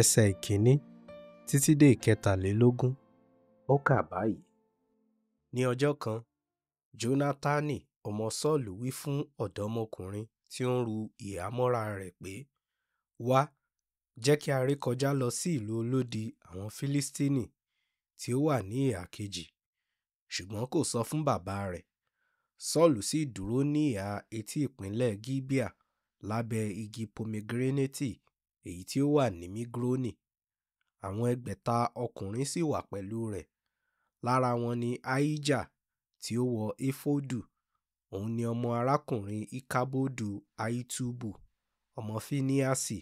ẹsẹ̀ ìkíní títí dé ìkẹtàlélógún ó kà báyìí. ní ọjọ́ kan jónátánì ọmọ sọ́ọ̀lù wí fún ọ̀dọ́mọkùnrin tí ó ń ru ìhámọ́ra rẹ̀ pé wá jẹ́ kí a rí kọjá lọ sí ìlú olódi àwọn fílístínì tí ó wà ní ìhà kejì ṣùgbọ́n kò sọ fún bàbá rẹ̀ sọ́ọ̀lù sì dúró ní ìhà etí ìpínlẹ̀ gíbíà lábẹ́ igi pomegiranate èyí tí ó wà ní Mígírọ́nì àwọn ẹgbẹ̀ta ọkùnrin sì wà pẹ̀lú rẹ̀ lára wọn ni Ahijah tí ó wọ éfódù òun ni ọmọ arákùnrin Ìkábọ́dù Ahitubu ọmọ Fíníásì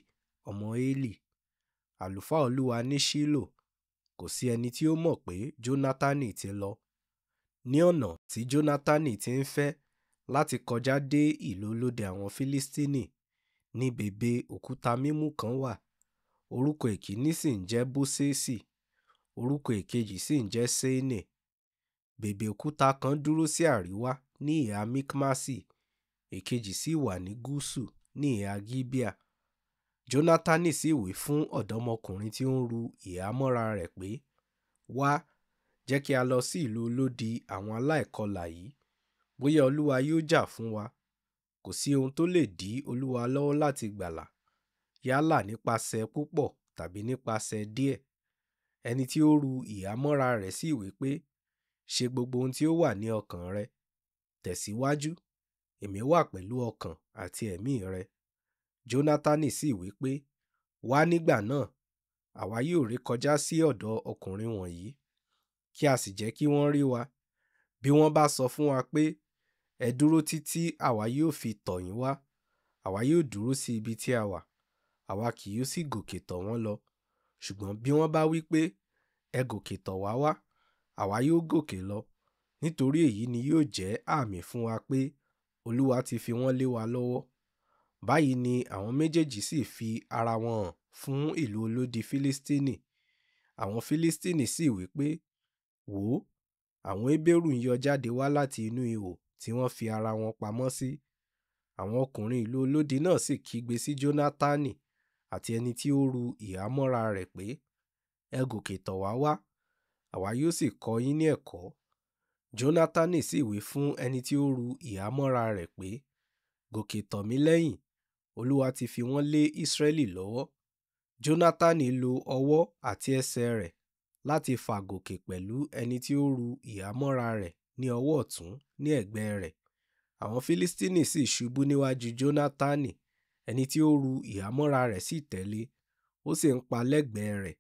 ọmọ Élì àlùfáà Olúwa ní Ṣílò kò sí ẹni tí ó mọ̀ pé Jónátánì ti lọ ní ọ̀nà tí Jónátánì ti ń fẹ́ láti kọjá dé ìlú olóde àwọn Fílístínì ní bèbè òkúta mímú kan wà orúkọ èkíní sì ń jẹ́ bóṣẹ́ẹ̀sì orúkọ èkejì sì ń jẹ́ séènì bèbè òkúta kan dúró sí àríwá ní ìhà mikmasi èkejì sì wà ní gúúsù ní ìhà gibea jónátánì sì wí fún ọ̀dọ́mọkùnrin tí ó ń ru ìhámọ́ra rẹ̀ pé wá jẹ́ kí a lọ sí ìlú olódi àwọn aláìkọlà yìí bóyá olúwa yóò jà fún wa kò sí ohun tó lè dí olúwa lọ́wọ́ láti gbàlà yálà nípasẹ̀ púpọ̀ tàbí nípasẹ̀ díẹ̀ ẹni tí ó ru ìhámọ́ra rẹ̀ sí ìwé pé ṣe gbogbo ohun tí ó wà ní ọkàn rẹ tẹ̀síwájú èmi wà pẹ̀lú ọkàn àti ẹ̀mí rẹ jónátánì sì wí pé wá nígbà náà àwa yóò rékọjá sí ọ̀dọ̀ ọkùnrin wọ̀nyí kí a sì jẹ́ kí wọ́n rí wa bí wọ́n bá sọ fún wa pé Ẹ dúró títí àwa yóò fi tọ̀ yín wá, àwa yóò dúró sí ibi tí a wà, àwa kì yóò sì gòkè tọ̀ wọ́n lọ. Ṣùgbọ́n bí wọ́n bá wí pé, Ẹ gòkè tọ̀ wá wá, àwa yóò gòkè lọ. Nítorí èyí ni yóò jẹ́ àmì fún wa pé Olúwa ti fi wọ́n lé wa lọ́wọ́. Báyìí ni àwọn méjèèjì sì fi ara wọn hàn fún ìlú olódi Filistini. Àwọn Filistini sì wí pé, “Wò ó, àwọn Heberu ń yọ jáde wá láti inú ihò tí wọ́n fi ara wọn pamọ́ sí àwọn ọkùnrin ìlú olódi náà sì kígbe sí jónátánì àti ẹni tí ó ru ìhámọ́ra rẹ̀ pé ẹ gòkè tọ̀ wá wá àwa yóò sì kọ́ yín ní ẹ̀kọ́ jónátánì sì wí fún ẹni tí ó ru ìhámọ́ra rẹ̀ pé gòkè tọ̀ mí lẹ́yìn olúwa ti fi wọ́n lé ísírẹ́lì lọ́wọ́ jónátánì lo ọwọ́ àti ẹsẹ̀ rẹ̀ láti fà gòkè pẹ̀lú ẹni tí ó ru ìhámọ́ra rẹ̀ ní ọwọ́ ọ̀tún ní ẹ̀gbẹ́ rẹ̀ àwọn fílístínì sì ṣubú níwájú jónátánì ẹni tí ó ru ìhámọ́ra rẹ̀ sì tẹ̀lé ó sì ń pa lẹ́gbẹ̀ẹ́ rẹ̀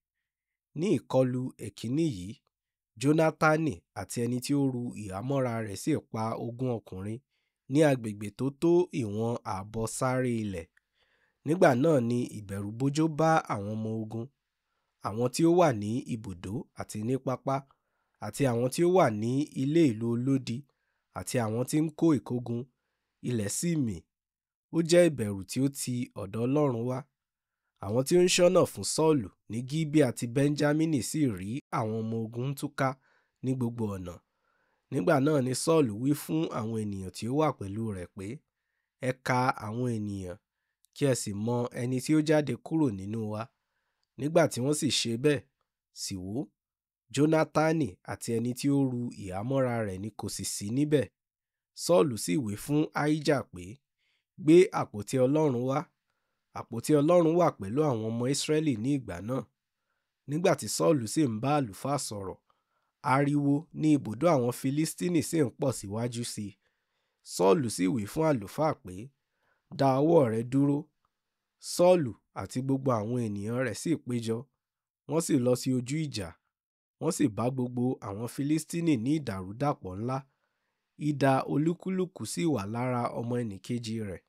ní ìkọlù èkínní yìí jónátánì àti ẹni tí ó ru ìhámọ́ra rẹ̀ sì pa ogún ọkùnrin ní agbègbè tó tó ìwọ̀n ààbọ̀ sáré ilẹ̀ nígbà náà ni ìbẹ̀rùbojo bá àwọn ọmọ ogun àwọn tí ó wà ní ibùdó àti ní pápá àti àwọn tí ó wà ní ilé ìlú olódi àti àwọn tí ń kó ìkógun ilẹ̀ sì mì ó jẹ́ ìbẹ̀rù tí ó ti ọ̀dọ̀ Ọlọ́run wá àwọn tí ó ń ṣọ́nà fún Sọ́ọ̀lù ní Gibeah àti Bẹ́ńjámínì sì rí àwọn ọmọ ogun ń túká ní gbogbo ọ̀nà nígbà náà ni Sọ́ọ̀lù wí fún àwọn ènìyàn tí ó wà pẹ̀lú rẹ̀ pé ẹ ka àwọn ènìyàn kí ẹ sì mọ ẹni tí ó jáde kúrò nínú wa nígbà tí wọ́n sì ṣe bẹ́ẹ̀ sì wò jónátánì àti ẹni tí ó ru ìhámọ́ra rẹ̀ ni kò sì sí níbẹ̀ sọ́ọ̀lù sì wí fún áíjà pé gbé àpótí ọlọ́run wá àpótí ọlọ́run wà pẹ̀lú àwọn ọmọ ísírẹ́lì ní ìgbà náà nígbà tí sọ́ọ̀lù sì ń bá àlùfáà sọ̀rọ̀ ariwo ní ibùdó àwọn filistini sì ń pọ̀ síwájú sí i sọ́ọ̀lù sì wí fún àlùfáà pé da ọwọ́ rẹ dúró sọ́ọ̀lù àti gbogbo àwọn ènìyàn rẹ̀ sì péjọ wọ́n sì lọ sí ojú ìjà wọ́n sì bá gbogbo àwọn Fílístínì ní ìdàrúdàpọ̀ ńlá idà olúkúlùkù sì wà lára ọmọ ẹnìkejì rẹ̀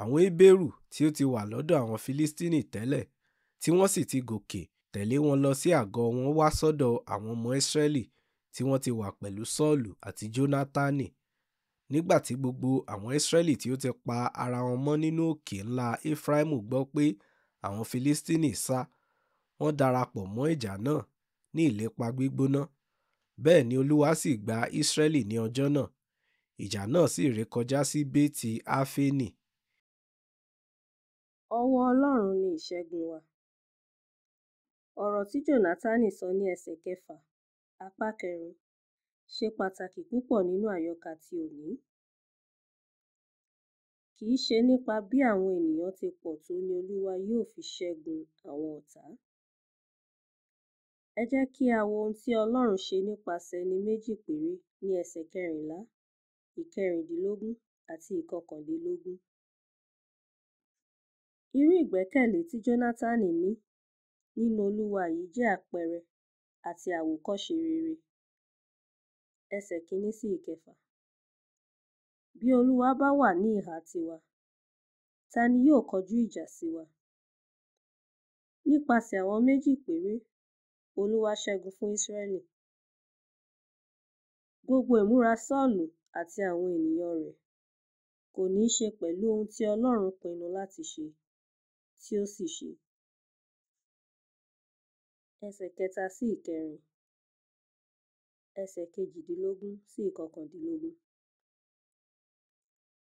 àwọn Hébérù tí ó ti wà lọ́dọ̀ àwọn Fílístínì tẹ́lẹ̀ tí wọ́n sì ti gòkè tẹ̀lé wọn lọ sí àgọ́ wọn wá sọ́dọ̀ àwọn ọmọ Ísírẹ́lì tí wọ́n ti wà pẹ̀lú Sọ́ọ̀lù àti Jónátánì nígbà tí gbogbo àwọn Ísírẹ́lì tí ó ti pa ara wọn mọ́ nínú òkè ńlá Éfráímù gbọ́ pé àwọn Fílístínì sá wọ́n darapọ̀ mọ́ ìjà náà ní ìlépa gbígbóná bẹ́ẹ̀ ni olúwa sì gba israẹli ní ọjọ́ náà ìjà náà sì rékọjá sí béèti áfénì. ọwọ́ ọlọ́run ni ìṣẹ́gun wa ọ̀rọ̀ tí jónátánì sọ ní ẹsẹ̀ kẹfà apá kẹrin ṣe pàtàkì púpọ̀ nínú àyọkà ti òní kì í ṣe nípa bí àwọn ènìyàn ti pọ̀ tó ni olúwa yóò fi ṣẹ́gun àwọn ọ̀tá Ẹ jẹ́ kí á wo ohun tí Ọlọ́run ṣe nípasẹ̀ ẹni méjì péré ní ẹsẹ̀ kẹrìnlá, ìkẹrìndínlógún àti ìkọkàndínlógún. Irú ìgbẹ́kẹ̀lé tí Jónátánì ní nínú Olúwa yìí jẹ́ àpẹẹrẹ àti àwòkọ́ṣe rere. Ẹsẹ̀ kíní sí ìkẹfà. Bí Olúwa bá wà ní ìhà tiwa, ta ni yóò kọjú ìjà sí wa? Nípasẹ̀ àwọn méjì péré olúwa ṣẹ́gun fún ísírẹ́lì gbogbo ìmúra sọ́ọ̀lù àti àwọn ènìyàn rẹ̀ kò ní í ṣe pẹ̀lú ohun tí ọlọ́run pinnu láti ṣe tí ó sì ṣe ẹsẹ̀ kẹta sí ìkẹrin ẹsẹ̀ kejìdínlógún sí ìkọkàndínlógún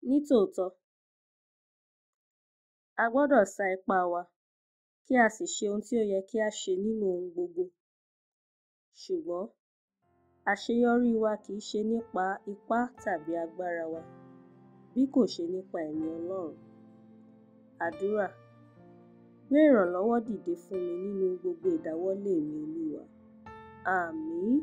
nítòótọ́ a gbọ́dọ̀ sa ipá wa kí a sì ṣe ohun tí ó yẹ kí a ṣe nínú ohun gbogbo. Ṣùgbọ́n àṣeyọrí wa kìí ṣe nípa ipá tàbí agbára wa bí kò ṣe nípa ẹ̀mí Ọlọ́run. Àdúrà Gbé ìrànlọ́wọ́ dìde fún mi nínú gbogbo ìdáwọ́lé mi Olúwa. Àmín.